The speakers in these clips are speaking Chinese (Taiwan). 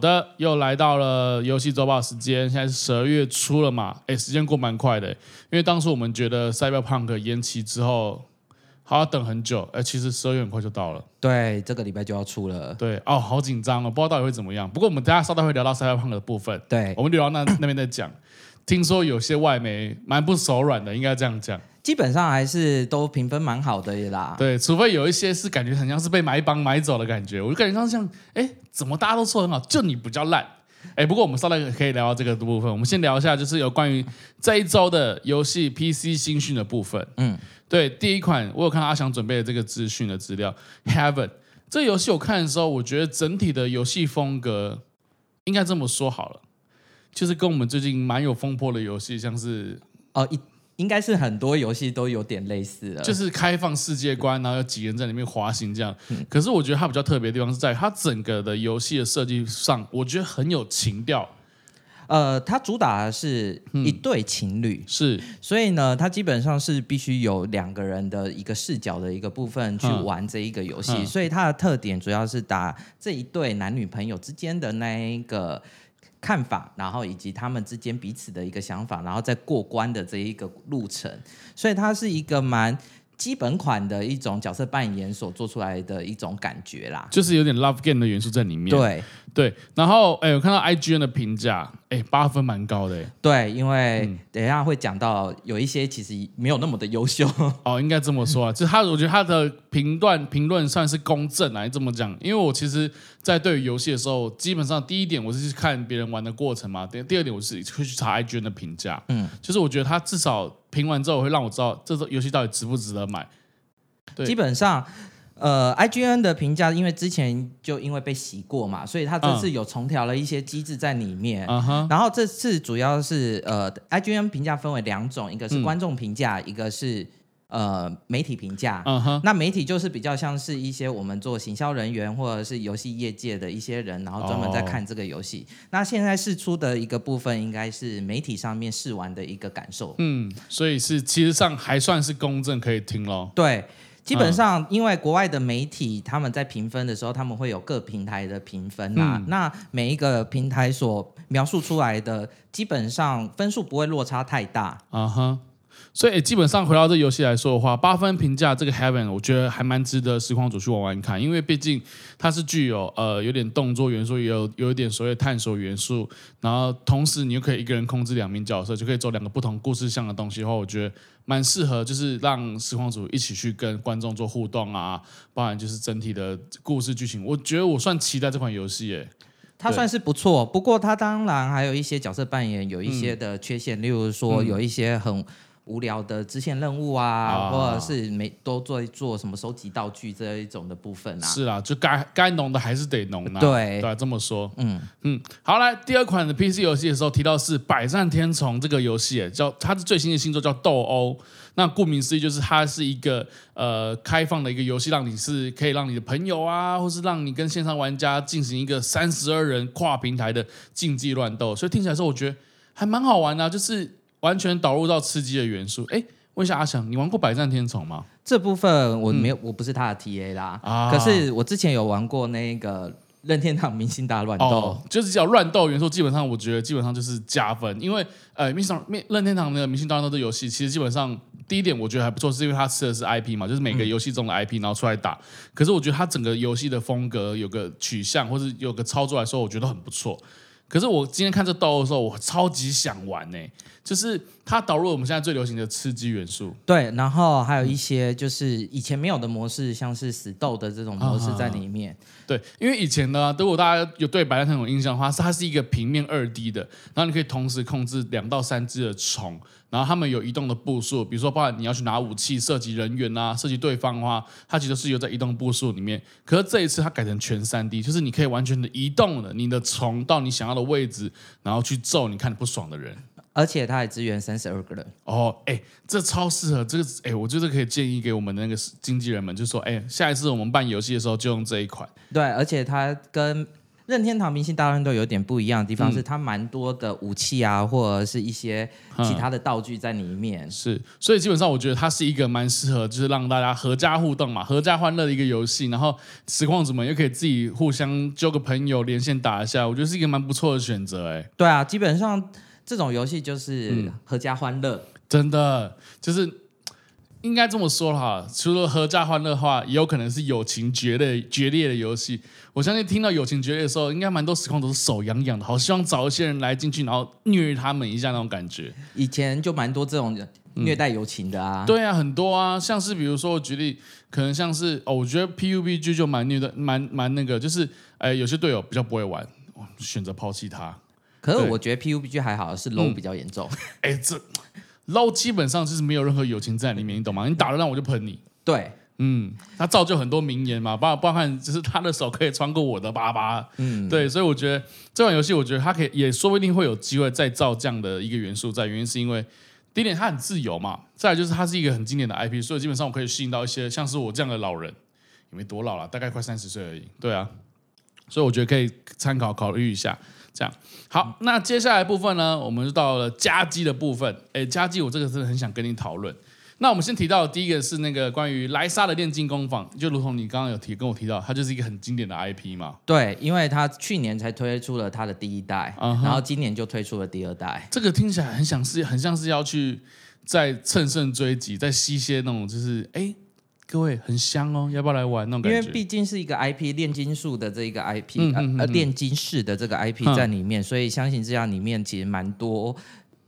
好的，又來到了遊戲週報時間。現在是十二月初了嘛，哎，時間過蠻快的，因為當初我們覺得 Cyberpunk 延期之後還要等很久。哎，其實十二月很快就到了，對，這個禮拜就要出了。對，哦，好緊張哦，不知道到底會怎麼樣。不過我們等下稍待會聊到 Cyberpunk 的部分。對，我們留到那那邊再講。聽說有些外媒蠻不手軟的，應該這樣講。基本上還是都評分蠻好的啦。對，除非有一些是感覺很像是被買榜買走的感覺，我就感覺像是像，哎，怎麼大家都說很好，就你比較爛。哎，不過我們稍微可以聊到這個部分。我們先聊一下，就是有關於這一週的遊戲 PC 新訊的部分。嗯，對，第一款我有看到阿翔準備的這個資訊的資料，Heaven 這個遊戲我看的時候，我覺得整體的遊戲風格應該這麼說好了，就是跟我們最近蠻有風波的遊戲，像是啊一、哦。應該是很多遊戲都有點類似的，就是開放世界觀，然後有幾個人在裡面滑行這樣。嗯、可是我覺得它比較特別的地方是在它整個的遊戲的設計上，我覺得很有情調。呃，它主打的是一對情侶，嗯、是，所以呢，它基本上是必須有兩個人的一個視角的一個部分去玩這一個遊戲。嗯嗯、所以它的特點主要是打這一對男女朋友之間的那一個看法，然後以及他們之間彼此的一個想法，然後再過關的這一個路程，所以它是一個蠻基本款的一種角色扮演所做出來的一種感覺啦，就是有點 love game 的元素在裡面對。對對，然後哎，我看到 IGN 的評價，哎，八分蠻高的。對，因為、嗯、等一下會講到有一些其實沒有那麼的優秀。哦，應該這麼說啊，就是他，我覺得他的評斷評論算是公正啊，這麼講。因為我其實，在對於遊戲的時候，基本上第一點我是去看別人玩的過程嘛，第第二點我是會去查 IGN 的評價。嗯，就是我覺得他至少。評完之後會讓我知道這遊戲到底值不值得買？對，基本上，呃，IGN 的評價，因為之前就因為被洗過嘛，所以他這次有重調了一些機制在裡面。嗯、然後這次主要是呃，IGN 評價分為兩種，一個是觀眾評價，嗯、一個是。呃，媒體評價，uh huh. 那媒體就是比較像是一些我們做行銷人員或者是遊戲業界的一些人，然後專門在看這個遊戲。Oh. 那現在釋出的一個部分，應該是媒體上面試玩的一個感受。嗯，所以是其實上還算是公正，可以聽咯，對，基本上因為國外的媒體他們在評分的時候，他們會有各平台的評分吶、啊。嗯、那每一個平台所描述出來的，基本上分數不會落差太大。嗯哼、uh。Huh. 所以，欸，基本上回到這遊戲來說的話，八分評價這個 Heaven，我覺得還蠻值得實況組去玩玩看，因為畢竟它是具有呃有點動作元素，也有有一點所謂探索元素，然後同時你又可以一個人控制兩名角色，就可以做兩個不同故事向的東西的話，我覺得蠻適合，就是讓實況組一起去跟觀眾做互動啊，包含就是整體的故事劇情，我覺得我算期待這款遊戲誒，它算是不錯，不過它當然還有一些角色扮演有一些的、嗯、缺陷，例如說有一些很。無聊的支線任務啊，oh, 或者是沒多做做什麼收集道具這一種的部分啊。是啊，就該該農的還是得農啊。對，對，這麼說，嗯嗯，好，來第二款的 PC 遊戲的時候提到是《百戰天蟲》這個遊戲，叫它的最新的星座叫鬥毆。那顧名思義就是它是一個呃開放的一個遊戲，讓你是可以讓你的朋友啊，或是讓你跟線上玩家進行一個三十二人跨平台的競技亂鬥。所以聽起來說我覺得還蠻好玩的啊，就是。完全導入到吃雞的元素，哎、欸，問一下阿翔，你玩過《百戰天蟲》嗎？這部分我沒有，嗯、我不是他的 T A 啦。啊、可是我之前有玩過那個任天堂明星大亂鬥，就是叫亂鬥元素，基本上我覺得基本上就是加分，因為呃，明星，任天堂的明星大亂鬥的遊戲，其實基本上第一點我覺得還不錯，是因為它吃的是 I P 嘛，就是每個遊戲中的 I P，然後出來打。嗯、可是我覺得它整個遊戲的風格有個取向，或是有個操作來說，我覺得很不錯。可是我今天看這刀的時候，我超級想玩呢、欸，就是。它導入我們現在最流行的吃雞元素，對，然後還有一些就是以前沒有的模式，嗯、像是死鬥的這種模式在裡面。對，因為以前呢，如果大家有對《百戰天蟲》有印象的話，是它是一個平面二 D 的，然後你可以同時控制兩到三隻的蟲，然後它們有移動的步數，比如說，包括你要去拿武器射擊人員啊，射擊對方的話，它其實是有在移動的步數裡面。可是這一次它改成全三 D，就是你可以完全的移動了你的蟲到你想要的位置，然後去揍你看你不爽的人。而且它還支援三十二個人哦，哎，這超適合這個，哎，我就是可以建議給我們的那個經紀人們，就說，哎，下一次我們辦遊戲的時候就用這一款。對，而且它跟任天堂明星大亂鬥有點不一樣的地方，嗯、是，它蠻多的武器啊，或者是一些其他的道具在裡面，嗯。是，所以基本上我覺得它是一個蠻適合，就是讓大家合家互動嘛，合家歡樂的一個遊戲。然後實況主們也可以自己互相揪個朋友連線打一下，我覺得是一個蠻不錯的選擇，欸。哎，對啊，基本上。這種遊戲就是合家歡樂、嗯，真的就是應該這麼說哈，除了合家歡樂的話，也有可能是友情決裂決裂的遊戲。我相信聽到友情決裂的時候，應該蠻多時空都是手癢癢的，好希望找一些人來進去，然後虐他們一下那種感覺。以前就蠻多這種虐待友情的啊、嗯，對啊，很多啊，像是比如說我舉例，可能像是哦，我覺得 PUBG 就蠻虐的蠻蠻那個，就是哎，有些隊友比較不會玩，選擇拋棄他。可是我覺得 PUBG 還好，是 low 比較嚴重。哎、嗯，欸，這 low 基本上就是沒有任何友情在裡面，你懂嗎？你打了讓我就噴你。對，嗯，他造就很多名言嘛，包含包，就是他的手可以穿過我的粑粑。嗯，對，所以我覺得這款遊戲，我覺得他可以也說不定會有機會再造這樣的一個元素在，原因是因為第一點他很自由嘛，再來就是他是一個很經典的 IP，所以基本上我可以吸引到一些像是我這樣的老人，也沒多老了，大概快三十歲而已。對啊，所以我覺得可以參考考慮一下。這樣好，那接下來的部分呢，我們就到了家機的部分。哎、欸，家機，我這個真的很想跟你討論。那我們先提到的第一個是那個關於萊莎的煉金工坊，就如同你剛剛有提跟我提到，它就是一個很經典的 IP 嘛。對，因為它去年才推出了它的第一代，uh、huh，然後今年就推出了第二代。這個聽起來很像是，很像是要去再乘勝追擊，再吸些那種就是哎。欸。各位很香哦，要不要來玩？因為畢竟是一個 IP 煉金術的這一個 IP，呃、嗯，煉、嗯嗯啊、金式的這個 IP 在裡面，嗯、所以相信這樣裡面其實蠻多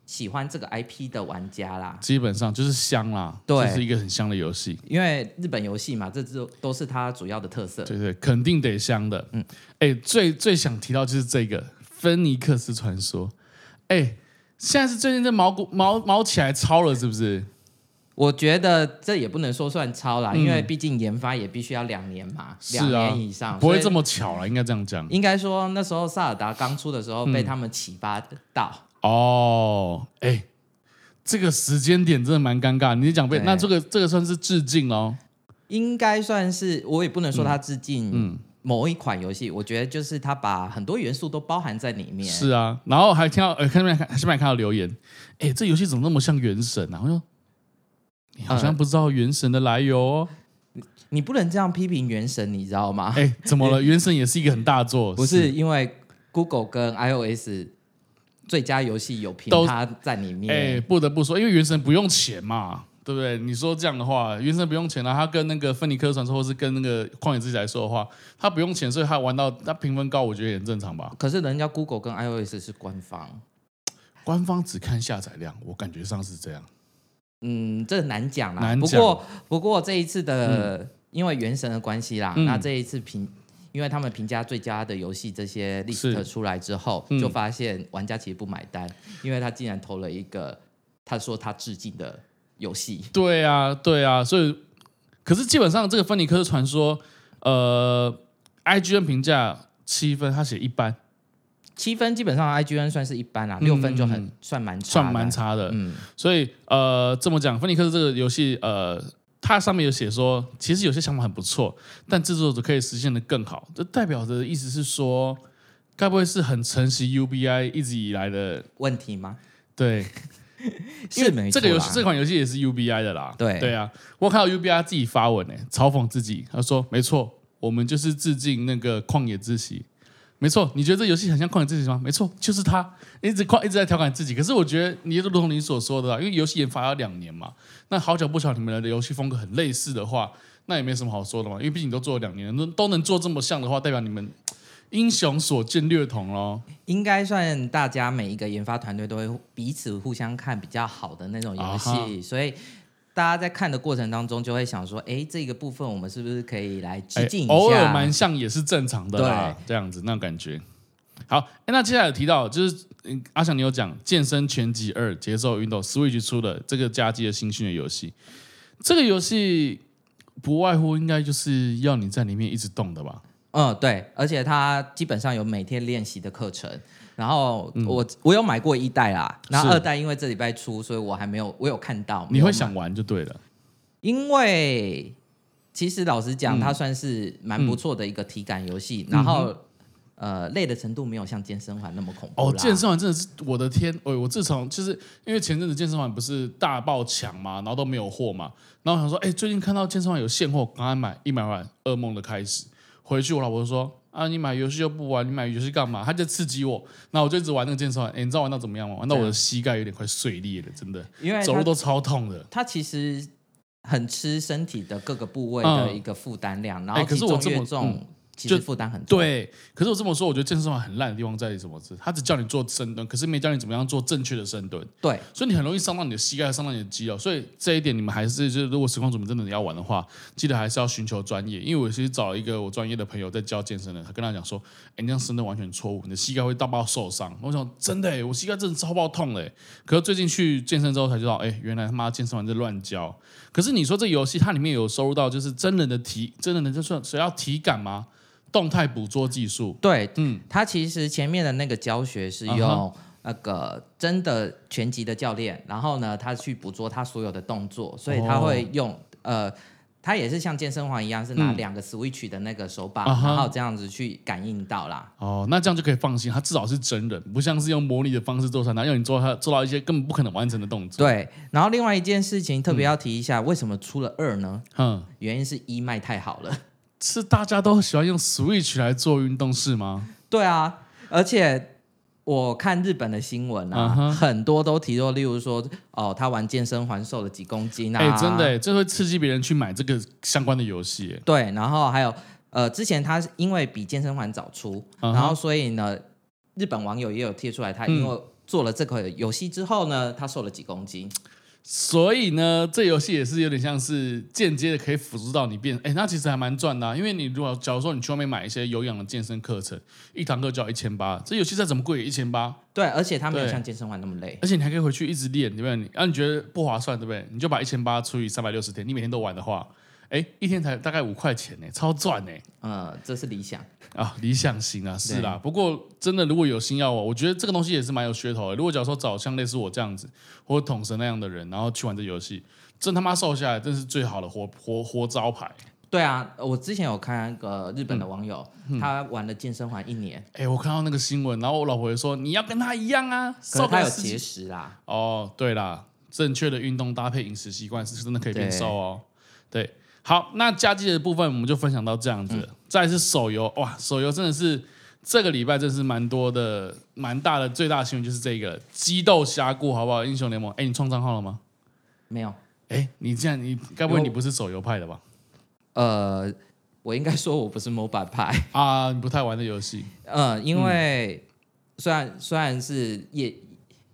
喜歡這個 IP 的玩家啦。基本上就是香啦，對，這是一個很香的遊戲。因為日本遊戲嘛，這都都是它主要的特色。對對，肯定得香的。嗯，哎，最最想提到就是這個《芬尼克斯傳說》。哎，現在是最近這毛骨毛毛起來超了，是不是？嗯我覺得這也不能說算抄啦，嗯、因為畢竟研發也必須要兩年嘛，啊、兩年以上不會這麼巧了，以應該這樣講、嗯。應該說那時候薩爾達剛出的時候被他們啟發到、嗯、哦、哎、欸，這個時間點真的蠻尷尬。你講被對那這個這個算是致敬哦，應該算是，我也不能說它致敬、嗯嗯、某一款遊戲。我覺得就是它把很多元素都包含在裡面。是啊，然後還聽到，哎、呃，下面還，下面還看到留言，哎、欸，這遊戲怎麼那麼像原神、啊？然後又。好像不知道原神的來由、哦嗯，你不能這樣批評原神，你知道嗎？哎、欸，怎麼了？原神也是一個很大作， 不是，是因為 Google 跟 iOS 最佳遊戲有評它在裡面。哎、欸，不得不說，因為原神不用錢嘛，嗯、對不對？你說這樣的話，原神不用錢了、啊，他跟那個《芬尼克斯傳說》或是跟那個《曠野之息》來說的話，他不用錢，所以他玩到他評分高，我覺得也很正常吧。可是人家 Google 跟 iOS 是官方，官方只看下載量，我感覺上是這樣。嗯，這很難講啦。講不過，不過這一次的，嗯、因為《原神》的關係啦，嗯、那這一次評，因為他們評價最佳的遊戲這些 list 出來之後，是就發現玩家其實不買單，嗯、因為他竟然投了一個他說他致敬的遊戲。對啊，對啊，所以，可是基本上這個《芬尼克斯傳說》呃，呃，IGN 評價七分，他寫一般。七分基本上，IGN 算是一般啦、啊，六分就很、嗯、算蠻算蠻差的。差的嗯，所以呃，這麼講，芬尼克斯這個遊戲，呃，它上面有寫說，其實有些想法很不錯，但制作者可以實現得更好。這代表的意思是說，該不會是很承襲 UBI 一直以來的問題嗎？對， 是沒錯，這個遊戲這款遊戲也是 UBI 的啦。對對啊，我看到 UBI 自己發文呢，嘲諷自己，他說：“沒錯，我們就是致敬那個曠野之息。”沒錯，你覺得這遊戲很像誇你自己嗎？沒錯，就是他一直誇，一直在調侃自己。可是我覺得你也如同你所說的，因為遊戲研發要兩年嘛。那好巧不巧，你們的遊戲風格很類似的話，那也沒什麼好說的嘛。因為畢竟你都做了兩年，都都能做這麼像的話，代表你們英雄所見略同咯。應該算大家每一個研發團隊都會彼此互相看比較好的那種遊戲，啊、哈所以。大家在看的過程當中，就會想說：“哎、欸，這個部分我們是不是可以來致敬一下？”欸、偶爾蠻像也是正常的啦，對這樣子那種感覺。好、欸，那接下來有提到，就是、嗯、阿翔你有講《健身拳擊二：節奏運動》，Switch 出的這個家機的新訓的遊戲。這個遊戲、這個、不外乎應該就是要你在裡面一直動的吧？嗯，對，而且它基本上有每天練習的課程。然後我、嗯、我有買過一代啦，然後二代因為這禮拜出，所以我還沒有我有看到。你會想玩就對了，因為其實老實講，嗯、它算是蠻不錯的一個體感遊戲。嗯、然後、嗯、哼呃，累的程度沒有像健身環那麼恐怖。哦，健身環真的是我的天！哎、我自從就是因為前陣子健身環不是大爆搶嘛，然後都沒有貨嘛，然後我想說，哎，最近看到健身環有現貨，趕快買，一買完噩夢的開始。回去我老婆就說。啊！你買遊戲又不玩，你買遊戲幹嘛？他就刺激我，那我就一直玩那個健身環。欸，你知道玩到怎麼樣嗎？玩到我的膝蓋有點快碎裂了，真的，因為他走路都超痛的。它其實很吃身體的各個部位的一個負擔量，嗯、然後體重越重，欸、可是我這麼重。嗯其實負擔很重，對。可是我這麼說，我覺得健身房很爛的地方在於什麼？是，他只教你做深蹲，可是沒教你怎麼樣做正確的深蹲。對，所以你很容易傷到你的膝蓋，傷到你的肌肉。所以這一點，你們還是就是，如果時光組們真的要玩的話，記得還是要尋求專業。因為我其實找一個我專業的朋友在教健身的，他跟他講說：“哎、欸，你這樣深蹲完全錯誤，你的膝蓋會大爆受傷。”我想真的、欸，我膝蓋真的超爆痛嘞、欸。可是最近去健身之後才知道，哎、欸，原來他媽健身房在亂教。可是你說這遊戲，它裡面有收入到就是真人的體，真人的就算需要體感嗎？動態捕捉技術，對，嗯，他其實前面的那個教學是用那個真的拳擊的教練，然後呢，他去捕捉他所有的動作，所以他會用，哦、呃，他也是像健身環一樣，是拿兩個 switch 的那個手把，嗯、然後這樣子去感應到啦。哦，那這樣就可以放心，他至少是真人，不像是用模擬的方式做出來，要你做他做到一些根本不可能完成的動作。對，然後另外一件事情特別要提一下，嗯、為什麼出了二呢？嗯，原因是一賣太好了。是大家都喜歡用 Switch 來做運動是嗎？對啊，而且我看日本的新聞啊，uh huh. 很多都提到，例如說哦，他玩健身環瘦了幾公斤啊，欸，真的，欸，這會刺激別人去買這個相關的遊戲，欸。對，然後還有呃，之前他是因為比健身環早出，uh huh. 然後所以呢，日本網友也有貼出來，他因為做了這個遊戲之後呢，他瘦了幾公斤。所以呢，這遊戲也是有點像是間接的可以輔助到你變，哎，那其實還蠻賺的，啊，因為你如果假如說你去外面買一些有氧的健身課程，一堂課就要一千八，這遊戲再怎麼貴也一千八。對，而且它沒有像健身房那麼累。而且你還可以回去一直練，對不對？然，啊、你覺得不划算，對不對？你就把一千八除以三百六十天，你每天都玩的話。哎、欸，一天才大概五塊錢呢、欸，超賺呢、欸！啊、嗯，這是理想啊、哦，理想型啊，是啦。對不過真的，如果有心要玩，我覺得這個東西也是蠻有噱頭、欸。如果假如說找像類似我這樣子，或統神那樣的人，然後去玩這遊戲，真他媽瘦下來，真是最好的活活活招牌。對啊，我之前有看一個日本的網友，嗯嗯、他玩了健身環一年。哎、欸，我看到那個新聞，然後我老婆也說：“你要跟他一樣啊，瘦開。”有節食啦。哦，對啦，正確的運動搭配飲食習慣，是真的可以變瘦哦。對。對好，那家機的部分我們就分享到這樣子。嗯、再是手遊哇，手遊真的是這個禮拜真的是蠻多的、蠻大的，最大的新聞就是這個《激鬥峽谷》，好不好？英雄聯盟，哎、欸，你創賬號了嗎？沒有。哎、欸，你這樣，你該不會你不是手遊派的吧？呃，我應該說我不是 mobile 派啊，你不太玩的遊戲。呃，因為、嗯、雖然雖然是也。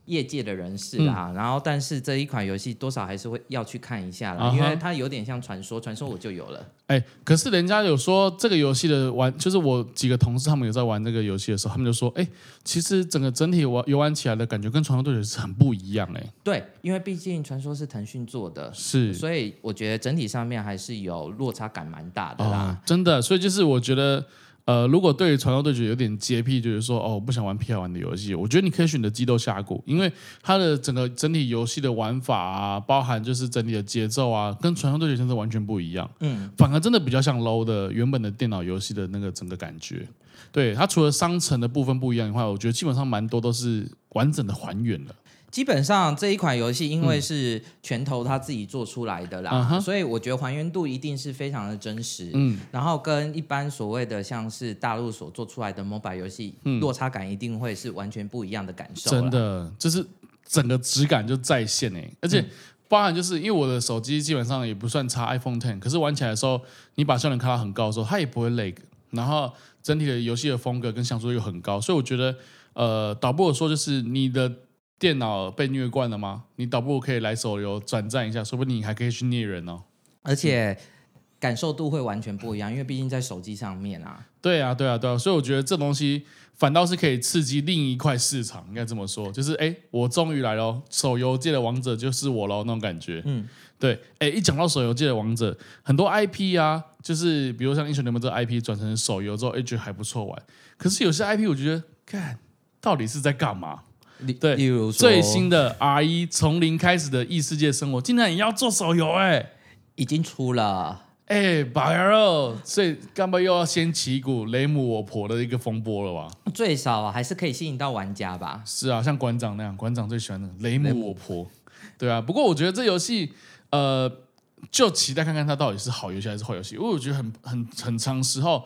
業界的人士啊，嗯、然後但是這一款遊戲多少還是會要去看一下了，啊、哈因為它有點像傳說，傳說我就有了。哎、欸，可是人家有說這個遊戲的玩，就是我幾個同事他們有在玩那個遊戲的時候，他們就說，哎、欸，其實整個整體玩遊玩起來的感覺跟傳說對決是很不一樣的、欸。對，因為畢竟傳說是騰訊做的，是，所以我覺得整體上面還是有落差感蠻大的啦。哦、真的，所以就是我覺得。呃，如果對《傳說對決》有點潔癖，就是說，哦，我不想玩 P R 玩的遊戲，我覺得你可以選你的《激鬥峽谷》，因為它的整個整體遊戲的玩法啊，包含就是整體的節奏啊，跟《傳說對決》真的完全不一樣。嗯，反而真的比較像 low 的原本的電腦遊戲的那個整個感覺。對，它除了商城的部分不一樣的話，我覺得基本上蠻多都是完整的還原了。基本上這一款遊戲，因為是拳頭他自己做出來的啦，嗯、所以我覺得還原度一定是非常的真實。嗯，然後跟一般所謂的像是大陸所做出來的 mobile 遊戲，嗯、落差感一定會是完全不一樣的感受。真的，就是整個質感就在線誒、欸，而且、嗯、包含就是因為我的手機基本上也不算差 iPhone Ten，可是玩起來的時候，你把效能開到很高的時候，它也不會累。然後整體的遊戲的風格跟像素又很高，所以我覺得，呃，倒不如說就是你的。電腦被虐慣了嗎？你倒不如可以來手遊轉戰一下，說不定你還可以去虐人哦。而且感受度會完全不一樣，因為畢竟在手機上面啊、嗯。對啊，對啊，對啊，所以我覺得這東西反倒是可以刺激另一塊市場，應該這麼說，就是哎，我終於來了，手遊界的王者就是我嘍、哦，那種感覺。嗯，對，哎，一講到手遊界的王者，很多 IP 啊，就是比如像英雄聯盟這 IP 轉成手遊之後，也覺得還不錯玩。可是有些 IP，我覺得看到底是在幹嘛？例對，最新的《R E 從零開始的異世界生活》，竟然也要做手遊哎、欸，已經出了哎，寶友、欸，所以幹嘛又要掀起一股雷姆我婆的一個風波了吧？最少還是可以吸引到玩家吧？是啊，像館長那樣，館長最喜歡的雷姆我婆，對啊。不過我覺得這遊戲呃，就期待看看它到底是好遊戲還是壞遊戲，因為我覺得很很很長時候，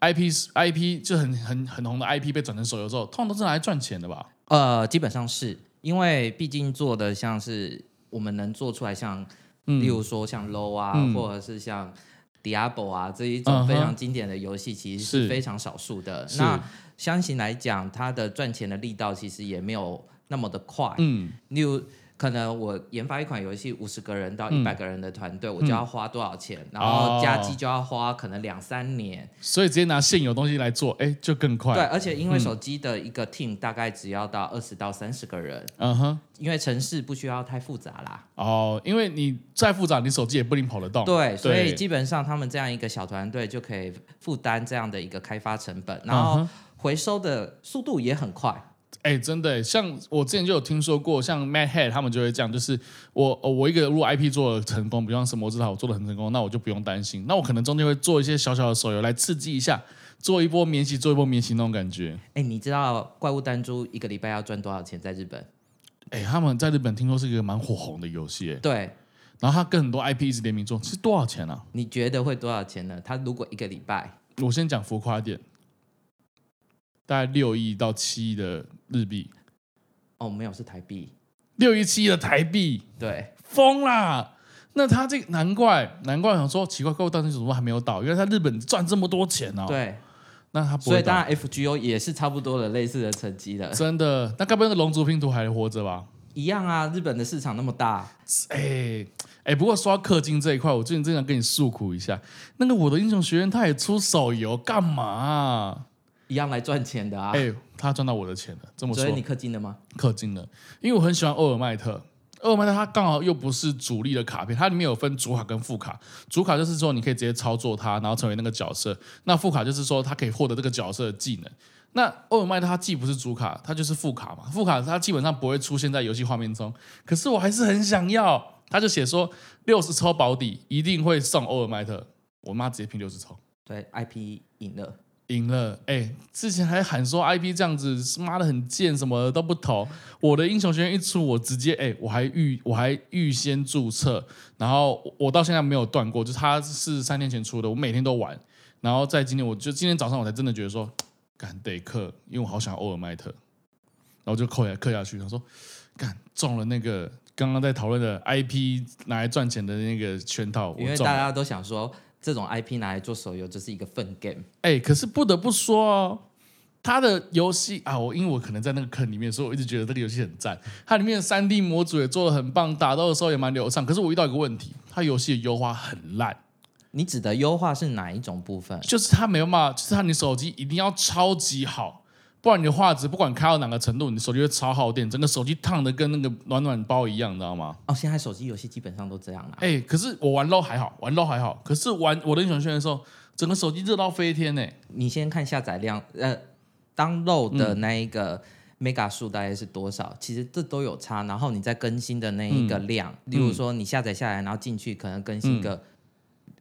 IP IP 就很很很紅的 IP 被轉成手遊之後，通常都是來賺錢的吧？呃，基本上是，因為畢竟做的像是我們能做出來像，嗯、例如說像《Low》啊，嗯、或者是像、啊《Diablo》啊這一種非常經典的遊戲，其實是非常少數的。Uh-huh, 那相信來講，它的賺錢的力道其實也沒有那麼的快。嗯，例如可能我研發一款遊戲，五十個人到一百個人的團隊，嗯、我就要花多少錢？嗯、然後家機就要花可能兩三年。哦、所以直接拿現有東西來做，哎、欸，就更快。對，而且因為手機的一個 team 大概只要到二十到三十個人，嗯哼，因為程式，不需要太複雜啦。哦，因為你再複雜，你手機也不一定跑得動。對，所以基本上他們這樣一個小團隊就可以負擔這樣的一個開發成本，然後回收的速度也很快。哎，真的，像我之前就有聽說過，像 Mad Head 他們就會這樣，就是我我一個如果 IP 做成功，比方《神魔之塔》我做的很成功，那我就不用擔心，那我可能中間會做一些小小的手遊來刺激一下，做一波免洗，做一波免洗那種感覺。哎，你知道《怪物彈珠》一個禮拜要賺多少錢在日本？哎，他們在日本聽說是一個蠻火紅的遊戲。對。然後他跟很多 IP 一直聯名做，是多少錢呢、啊？你覺得會多少錢呢？他如果一個禮拜，我先講浮誇一點。大概六億到七億的日幣，哦，沒有，是台幣，六億七億的台幣，對，瘋啦。那他這難怪，難怪，想說奇怪，怪不得當時怎麼還沒有倒，原來他日本賺這麼多錢呢、哦。對，那他不會所以當然 FGO 也是差不多的類似的成績的，真的。那該不會那個龍族拼圖還活着吧？一樣啊，日本的市場那麼大。哎哎、欸欸，不過刷氪金這一塊，我最近真想跟你訴苦一下，那個我的英雄學院他也出手遊幹嘛、啊？一樣來賺錢的啊！哎、欸，他賺到我的錢了，這麼說，所以你氪金了嗎？氪金了，因為我很喜歡歐爾麥特。歐爾麥特他剛好又不是主力的卡片，它裡面有分主卡跟副卡。主卡就是說你可以直接操作它，然後成為那個角色。那副卡就是說它可以獲得這個角色的技能。那歐爾麥特它既不是主卡，它就是副卡嘛。副卡它基本上不會出現在遊戲畫面中，可是我還是很想要。他就寫說六十抽保底一定會送歐爾麥特，我媽直接拼六十抽，對，IP 贏了。贏了，哎、欸，之前還喊說 IP 這樣子，媽的很賤，什麼的都不投。我的英雄學院一出，我直接哎、欸，我還預我還預先注冊，然後我到現在沒有斷過，就他是三天前出的，我每天都玩。然後在今天，我就今天早上我才真的覺得說，幹，得氪，因為我好想要歐爾麥特，ite, 然後就扣下扣下去。他說，幹中了那個剛剛在討論的 IP 拿來賺錢的那個圈套，因為大家都想說。這種 IP 拿來做手遊就是一個糞 game。哎、欸，可是不得不說哦，他的遊戲啊，我因為我可能在那個坑裡面，所以我一直覺得這個遊戲很讚。它裡面的三 D 模組也做的很棒，打鬥的時候也蠻流暢。可是我遇到一個問題，它遊戲的優化很爛。你指的優化是哪一種部分？就是它沒有辦法，就是它你手機一定要超級好。不然你的畫質不管開到哪個程度，你手機會超耗電，整個手機燙得跟那個暖暖包一樣，你知道嗎？哦，現在手機遊戲基本上都這樣了、啊。哎、欸，可是我玩 low 還好，玩 low 還好，可是玩我的英雄學院的時候，整個手機熱到飛天呢、欸。你先看下載量，呃，download、嗯、的那一個 mega 數大概是多少？其實這都有差，然後你再更新的那一個量，嗯、例如說你下載下來，然後進去可能更新個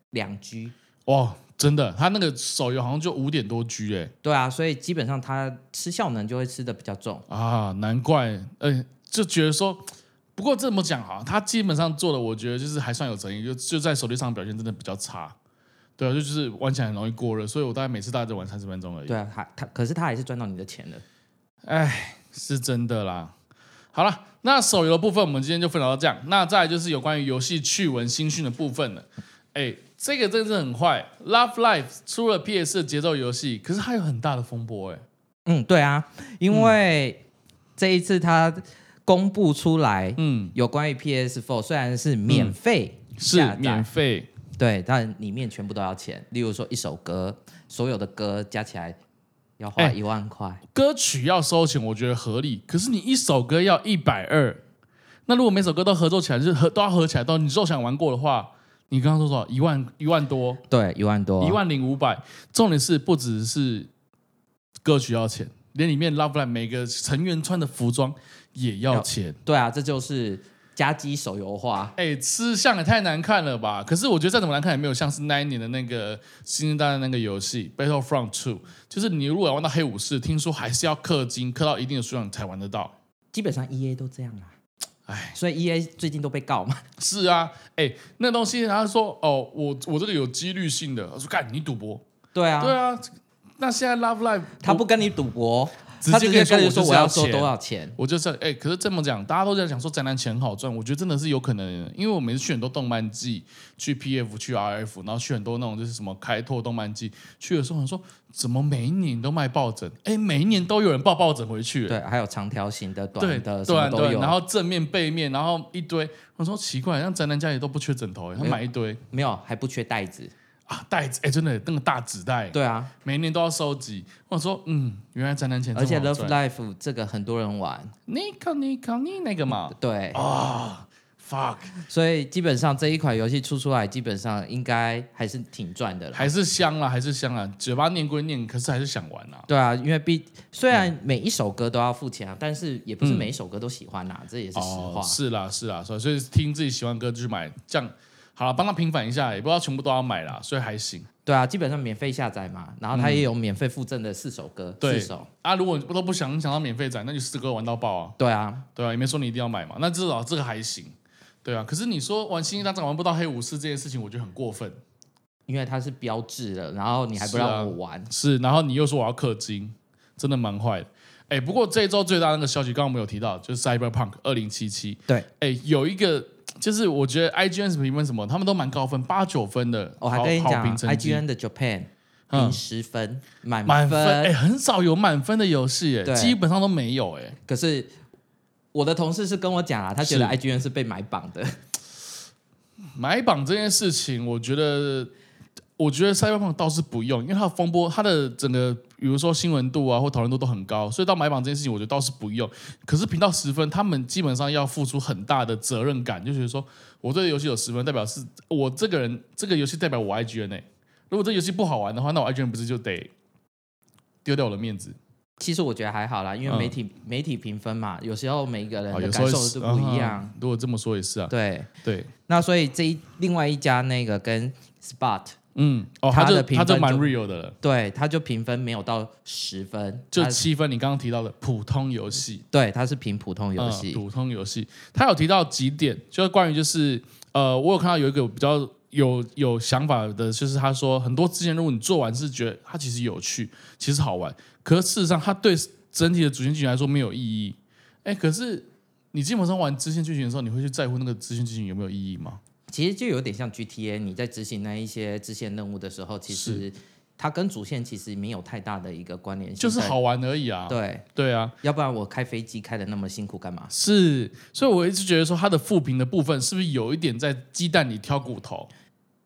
兩 G，、嗯、哇。真的，他那個手遊好像就五點多 G 哎、欸，對啊，所以基本上它吃效能，就會吃的比較重啊，難怪，哎、欸，就覺得說，不過這麼講哈、啊，他基本上做的我覺得就是還算有誠意，就就在手機上表現真的比較差，對啊，就就是玩起來很容易過熱，所以我大概每次大概就玩三十分鐘而已。對啊，他他可是他還是賺到你的錢的，哎，是真的啦。好啦，那手遊的部分我們今天就分享到這樣，那再就是有關於遊戲趣聞新訊的部分了，哎、欸。這個真是很快。Love Life 出了 PS 的節奏遊戲，可是它有很大的風波哎。嗯，對啊，因為這一次它公布出來，嗯，有關於 PS Four，雖然是免費、嗯，是免費，對，但裡面全部都要錢。例如說一首歌，所有的歌加起來要花一萬塊、欸，歌曲要收錢，我覺得合理。可是你一首歌要一百二，那如果每首歌都合作起來，就合都要合作起來，都你如想玩過的話。你剛剛說多少？一萬一萬多，對，一萬多，一萬零五百。重點是不只是歌曲要錢，連裡面 Love Line 每個成員穿的服裝也要錢。對啊，這就是家機手遊化。哎，吃相也太難看了吧？可是我覺得再怎麼難看也沒有像是那一年的那個星際大戰的那個遊戲 Battlefront Two，就是你如果要玩到黑武士，聽說還是要氪金，氪到一定的數量才玩得到。基本上 E A 都這樣啊。唉所以 E A 最近都被告嘛？是啊，哎、欸，那東西他說哦，我我這裡有幾率性的，我說幹你賭博？對啊，對啊，那現在 Love Life 他不跟你賭博。.他就可以跟我說，我要收多少錢，我就是哎、欸。可是這麼講，大家都在講說宅男錢好賺，我覺得真的是有可能的，因為我每次去很多動漫祭去 PF 去 RF，然後去很多那種就是什麼開拓動漫祭去的時候，我說怎麼每一年都賣抱枕？哎、欸，每一年都有人抱抱枕回去，對，還有長條形的、短的，對，對、啊對啊、然後正面背面，然後一堆，我說奇怪，像宅男家裡都不缺枕頭，他買一堆，欸、沒有還不缺袋子。啊袋子！哎、欸，真的那個大紙袋。對啊，每年都要收集。我說，嗯，原來賺錢賺，而且 Love Life 這個很多人玩，妮可妮可妮那個嘛。嗯、對啊、oh,，fuck。所以基本上這一款遊戲出出來，基本上應該還是挺賺的了。還是香啊，還是香啊！嘴巴念歸念，可是還是想玩啊。對啊，因為畢雖然每一首歌都要付錢啊，嗯、但是也不是每一首歌都喜歡啊，嗯、這也是實話、oh, 是。是啦，是啦，所以所以聽自己喜歡的歌就去買，這樣。好了，幫他平反一下，也不知道全部都要買了，所以還行。對啊，基本上免費下載嘛，然後他也有免費附贈的四首歌，嗯、對四首啊。如果你都不想想到免費載，那就四哥玩到爆啊。對啊，對啊，也沒說你一定要買嘛。那至少這個還行。對啊，可是你說玩星際大戰玩不到黑武士這件事情，我覺得很過分。因為他是標誌的，然後你還不讓我玩，是，啊、是，然後你又說我要氪金，真的蠻壞的。哎、欸，不過這週最大的那個消息，剛剛我們有提到，就是 Cyberpunk 二零七七。對，哎、欸，有一個。就是我覺得 I G N 是評分什麼，他們都蠻高分，八九分的。我、oh, 跑還跟你講，I G N 的 Japan 零十分，滿滿哼分哎、欸，很少有滿分的遊戲哎，對基本上都沒有哎。可是我的同事是跟我講啊，他覺得 I G N 是被買榜的。買榜這件事情，我覺得，我覺得 Cyberpunk、嗯、倒是不用，因為它的風波，它的整個。比如說新聞度啊，或討論度都很高，所以到買榜這件事情，我覺得倒是不用。可是評到十分，他們基本上要付出很大的責任感，就是說，我對這個遊戲有十分，代表是我這個人這個遊戲代表我 IGN 呢。如果這個遊戲不好玩的話，那我 IGN 不是就得丟掉我的面子？其實我覺得還好啦，因為媒體、嗯、媒體評分嘛，有時候每一個人的感受是不一樣、啊啊。如果這麼說也是啊，對對。對，那所以這一另外一家那個跟 Spot。嗯，哦，他的評分就蠻 real 的了。對，他就評分沒有到十分，就七分。你剛剛提到的普通遊戲，對，他是評普通遊戲、嗯，普通遊戲。他有提到幾點，就是關於就是呃，我有看到有一個比較有有想法的，就是他說很多支線如果你做完是覺得它其實有趣，其實好玩，可是事實上它對整體的主線劇情來說沒有意義。哎、欸，可是你基本上玩支線劇情的時候，你會去在乎那個支線劇情有沒有意義嗎？其實就有點像 GTA，你在執行那一些支線任務的時候，其實它跟主線其實沒有太大的一個關聯性，就是好玩而已啊。對對啊，要不然我開飛機開得那麼辛苦幹嘛？是，所以我一直覺得說它的副屏的部分是不是有一點在雞蛋裡挑骨頭？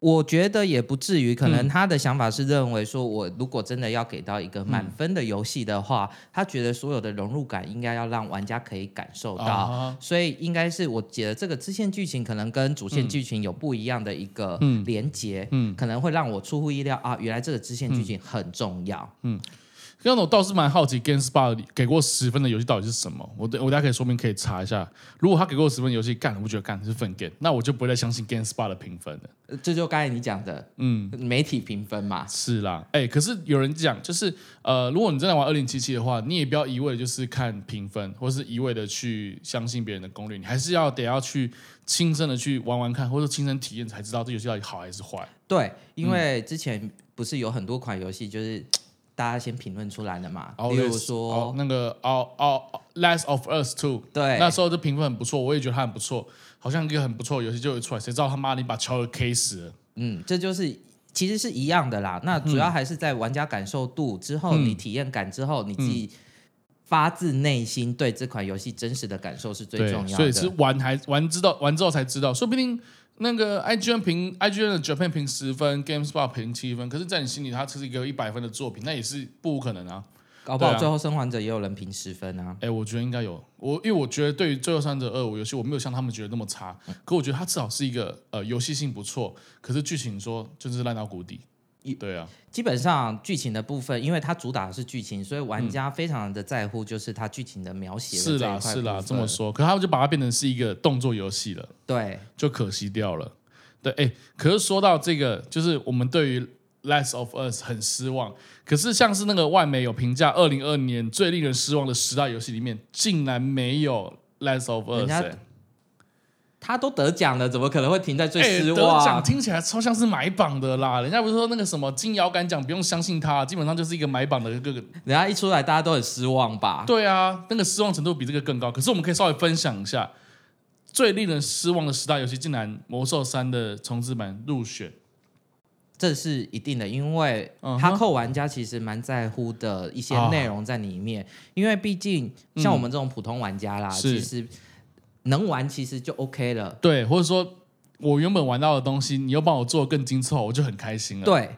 我覺得也不至於，可能他的想法是認為說，我如果真的要給到一個滿分的遊戲的話，他覺得所有的融入感應該要讓玩家可以感受到，啊、哈哈所以應該是我覺得這個支線劇情可能跟主線劇情有不一樣的一個連接，可能會讓我出乎意料啊，原來這個支線劇情很重要。嗯嗯嗯嗯嗯因為我倒是蠻好奇 GameSpot 給過十分的遊戲到底是什麼？我我大家可以說明，可以查一下。如果他給過十分的遊戲干，干我不覺得干是分給，那我就不會再相信 GameSpot 的評分了。這就剛才你講的，嗯，媒體評分嘛。是啦，哎、欸，可是有人講，就是呃，如果你真的玩二零七七的話，你也不要一味的就是看評分，或者是一味的去相信別人的攻略，你還是要得要去親身的去玩玩看，或者親身體驗才知道這遊戲到底好還是壞。對，因為之前不是有很多款遊戲就是。大家先評論出來的嘛，比、oh、如說 ace、oh, 那個哦哦，Last of Us Two，對，那時候這評分很不錯，我也覺得它很不錯，好像一個很不錯的遊戲就有出來，誰知道他媽你把喬爾 K 死了？嗯，這就是其實是一樣的啦，那主要還是在玩家感受度之後，你體驗感之後，嗯、你自己發自內心對這款遊戲真實的感受是最重要的，對，所以是玩還玩知道玩之後才知道，說不定。那個 IGN 評 IGN 的 Japan 評十分，GameSpot 評七分，可是，在你心裡，它是一個一百分的作品，那也是不無可能啊。搞不好、啊、最後《生還者》也有人評十分啊。哎、欸，我覺得應該有，我因為我覺得對於《最後生還者二》，我遊戲我沒有像他們覺得那麼差，可我覺得它至少是一個呃，遊戲性不錯，可是劇情說就是爛到谷底。對啊，基本上劇情的部分，因為它主打的是劇情，所以玩家非常的在乎，就是它劇情的描寫的。是啦，是啦，這麼說，可他們就把它變成是一個動作遊戲了，對，就可惜掉了。對，哎、欸，可是說到這個，就是我們對於《Last of Us》很失望。可是像是那個外媒有評價，二零二零年最令人失望的十大遊戲裡面，竟然沒有、欸《Last of Us》。他都得獎了，怎麼可能會停在最失望？欸、得獎聽起來超像是買榜的啦！人家不是說那個什麼金搖桿獎不用相信他，基本上就是一個買榜的個個，個人家一出來，大家都很失望吧？對啊，那個失望程度比這個更高。可是我們可以稍微分享一下，最令人失望的十大遊戲竟然《魔獸三》的重制版入選，這是一定的，因為哈扣玩家其實蠻在乎的一些內容在裡面。啊、因為畢竟像我們這種普通玩家啦，嗯、其實。能玩其實就 OK 了，對，或者說我原本玩到的東西，你又幫我做更精緻，我就很開心了。對，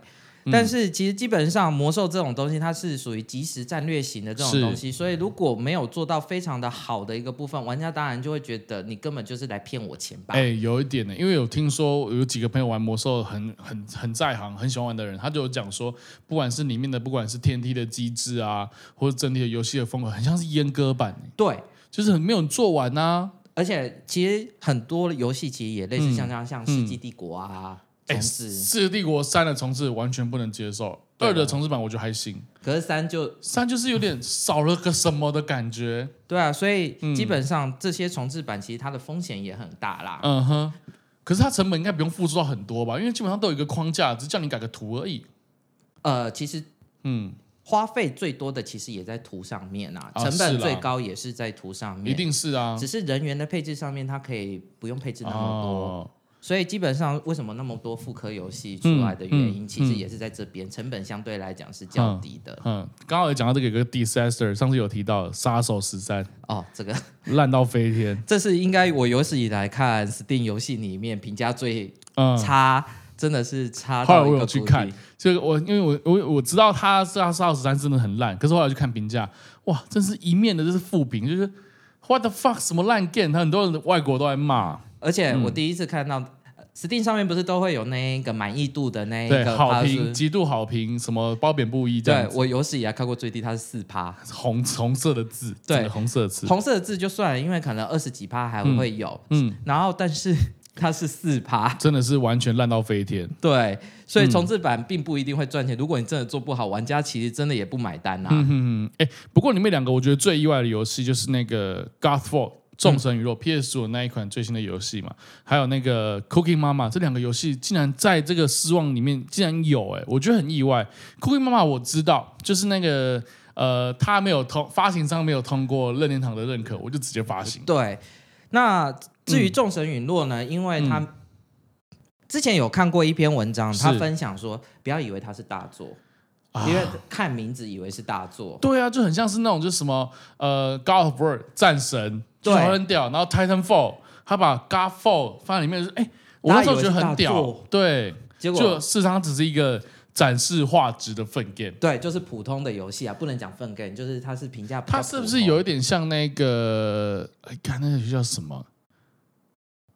嗯、但是其實基本上魔獸這種東西，它是屬於即時戰略型的這種東西，是所以如果沒有做到非常的好的一個部分，嗯、玩家當然就會覺得你根本就是來騙我錢吧。哎、欸，有一點呢、欸，因為有聽說有幾個朋友玩魔獸很很很在行，很喜歡玩的人，他就有講說，不管是裡面的，不管是天梯的機制啊，或者整體的遊戲的風格，很像是閹、e、割版、欸。對，就是很沒有做完啊。而且其實很多遊戲其實也類似像這樣，嗯、像像像《世紀帝國》啊，s 世紀、欸、製帝國三》的重置完全不能接受，了二的重置版我覺得還行，可是三就三就是有點少了個什麼的感覺，嗯、對啊，所以基本上這些重置版其實它的風險也很大啦嗯，嗯哼，可是它成本應該不用付出到很多吧，因為基本上都有一個框架，只是叫你改個圖而已，呃，其實，嗯。花費最多的其實也在圖上面吶、啊，成本最高也是在圖上面，一定是啊。只是人員的配置上面，它可以不用配置那麼多，所以基本上為什麼那麼多複刻遊戲出來的原因，其實也是在這邊，成本相對來講是較低的。嗯，剛好講到這個一個 disaster，上次有提到《殺手十三》哦，這個爛到飛天，這是應該我有史以來看 Steam 遊戲裡面評價最差。真的是差。後來我有去看，就我因為我我我知道他是他是二十三真的很爛，可是後來我去看評價，哇，真是一面的，就是負評，就是 What the fuck 什麼爛 game 他很多人外國都在罵。而且我第一次看到、嗯、Steam 上面不是都會有那個滿意度的那一個對好評，極、就是、度好評，什麼褒貶不一對我有史以來看過最低他，它是四趴紅紅色的字，對紅色的字，紅色的字就算了，因為可能二十幾趴還會有。嗯，嗯然後但是。它是四趴， 真的是完全爛到飛天。對，所以重製版並不一定會賺錢。嗯、如果你真的做不好，玩家其實真的也不買單啊。嗯哎、欸，不過你們兩個我覺得最意外的遊戲就是那個《Godfall 眾神隕落》嗯、PS 五那一款最新的遊戲嘛，還有那個《Cooking Mama》這兩個遊戲竟然在這個失望裡面竟然有、欸，哎，我覺得很意外。Cooking Mama 我知道，就是那個呃，他沒有通發行商沒有通過任天堂的認可，我就直接發行。對，那。至於眾神隕落呢？嗯、因為他之前有看過一篇文章，是他分享說，不要以為它是大作，啊、因為看名字以為是大作。對啊，就很像是那種就是什麼呃，God of War 戰神，對，很屌，然後 Titanfall，他把 Godfall 放在裡面，哎、欸，我那時候覺得很屌，對，結果就事實上只是一個展示畫質的糞便，對，就是普通的遊戲啊，不能講糞便，就是它是評價。它是不是有一點像那個？哎、欸，剛那個叫什麼？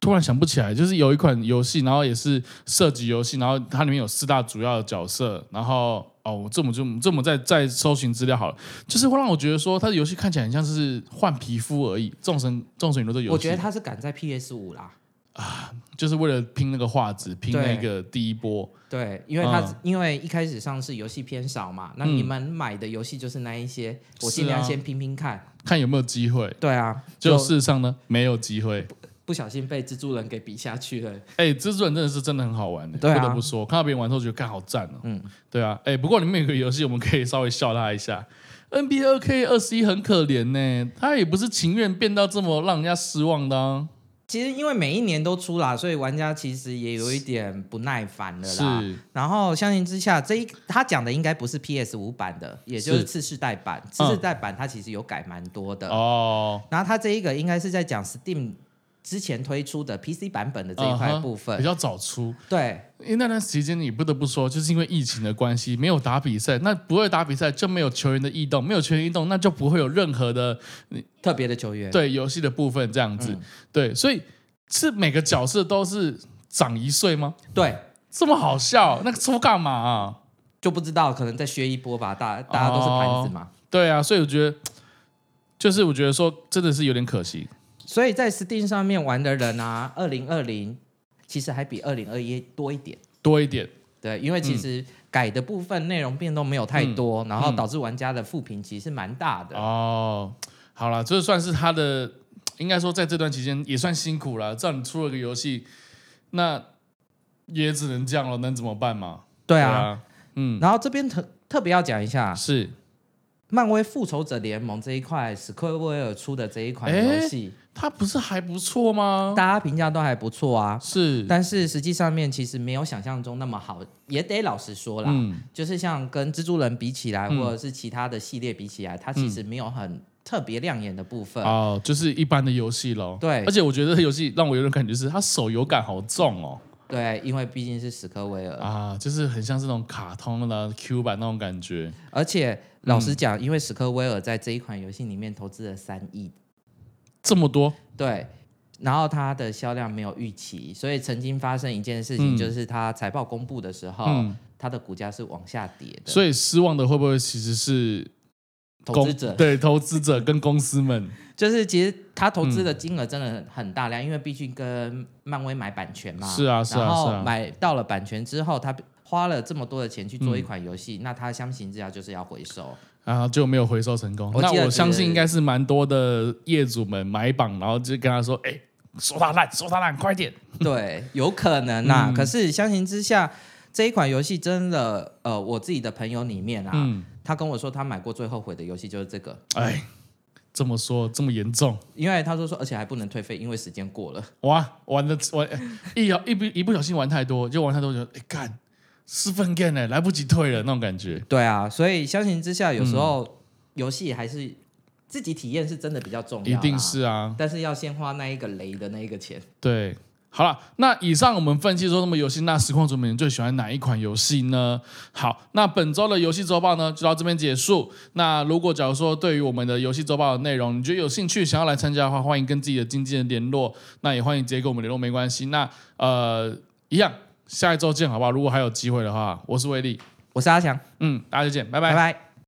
突然想不起來，就是有一款遊戲，然後也是射擊遊戲，然後它裡面有四大主要的角色，然後哦，這我這麼就這麼再再搜尋資料好了，就是會讓我覺得說，它的遊戲看起來很像是換皮膚而已。眾神眾神隕落的遊戲，我覺得它是趕在 PS 五啦，啊，就是為了拼那個畫質，拼對那個第一波。對，因為它、嗯、因為一開始上市遊戲偏少嘛，那你們、嗯、買的遊戲就是那一些，我儘量先拼拼看、啊，看有沒有機會。對啊，就事實上呢，沒有機會。不小心被蜘蛛人給比下去了。哎、欸，蜘蛛人真的是真的很好玩，欸、對、啊、不得不說，看到別人玩後覺得看好讚哦、喔。嗯，對啊。哎、欸，不過裡面有個遊戲我們可以稍微笑他一下。NBA 二 K 二十一很可憐呢、欸，他也不是情願變到這麼讓人家失望的、啊。其實因為每一年都出啦，所以玩家其實也有一點不耐煩了啦。是然後相信之下，這一他講的應該不是 PS 五版的，也就是次世代版。是次世代版他其實有改蠻多的哦。嗯、然後他這一個應該是在講 Steam。之前推出的 PC 版本的這一塊部分、uh、huh，比較早出，對，因為那段時間你不得不說，就是因為疫情的關係沒有打比賽，那不會打比賽就沒有球員的異動，沒有球員異動那就不會有任何的特別的球員對遊戲的部分這樣子，嗯、對，所以是每個角色都是長一歲嗎？對，這麼好笑、啊，那個出幹嘛啊？就不知道，可能在削一波吧。大大家都是盤子嘛，oh，對啊，所以我覺得就是我覺得說真的是有點可惜。所以在 Steam 上面玩的人啊，二零二零其實還比二零二一多一點，多一點。對，因為其實改的部分內容變動沒有太多，嗯、然後導致玩家的負評其實是蠻大的。嗯、哦，好了，這算是他的，應該說在這段期間也算辛苦了。這樣出了個遊戲，那也只能這樣了，能怎麼辦嘛？對啊，對啊，嗯。然後這邊特特別要講一下，是漫威復仇者聯盟這一塊，Square Enix 出的這一款遊戲。它不是還不錯嗎？大家評價都還不錯啊。是，但是實際上面其實沒有想象中那麼好，也得老實說啦。嗯，就是像跟蜘蛛人比起來，嗯、或者是其他的系列比起來，它其實沒有很特別亮眼的部分。哦、啊，就是一般的遊戲嘍。對，而且我覺得這遊戲讓我有種感覺是，它手遊感好重哦。對，因為畢竟是史克威爾啊，就是很像這種卡通的 Q 版那種感覺。而且老實講，嗯、因為史克威爾在這一款遊戲裡面投資了三億。這麼多，對，然後它的銷量沒有預期，所以曾經發生一件事情，嗯、就是它財報公布的時候，它、嗯、的股價是往下跌的。所以失望的會不會其實是投資者？對，投資者跟公司們， 就是其實他投資的金額真的很大量，嗯、因為畢竟跟漫威買版權嘛，是啊，是啊，然後買到了版權之後，他。花了這麼多的錢去做一款遊戲，嗯、那他相形之下就是要回收啊，就沒有回收成功。我那我相信應該是蠻多的業主們買榜，然後就跟他說：“哎、欸，說他爛，說他爛，嗯、快點。”對，有可能吶、啊。嗯、可是相形之下，這一款遊戲真的，呃，我自己的朋友裡面啊，嗯、他跟我說他買過最後悔的遊戲就是這個。哎、欸嗯，這麼說這麼嚴重？因為他說說而且還不能退費，因為時間過了。哇，玩的玩一搖一不一不小心玩太多，就玩太多就哎幹。欸是分給呢、欸，來不及退了那種感覺。對啊，所以相形之下，有時候遊戲、嗯、還是自己體驗是真的比較重要，一定是啊。但是要先花那一個雷的那一個錢。對，好了，那以上我們分析說那麼遊戲，那實況組成你最喜歡哪一款遊戲呢？好，那本周的遊戲周報呢就到這邊結束。那如果假如說對於我們的遊戲周報的內容，你覺得有興趣想要來參加的話，歡迎跟自己的經紀人聯絡，那也歡迎直接跟我們聯絡沒關係。那呃，一樣。下一週見，好不好？如果還有機會的話，我是威力，我是阿強，嗯，大家再見，拜拜。拜拜。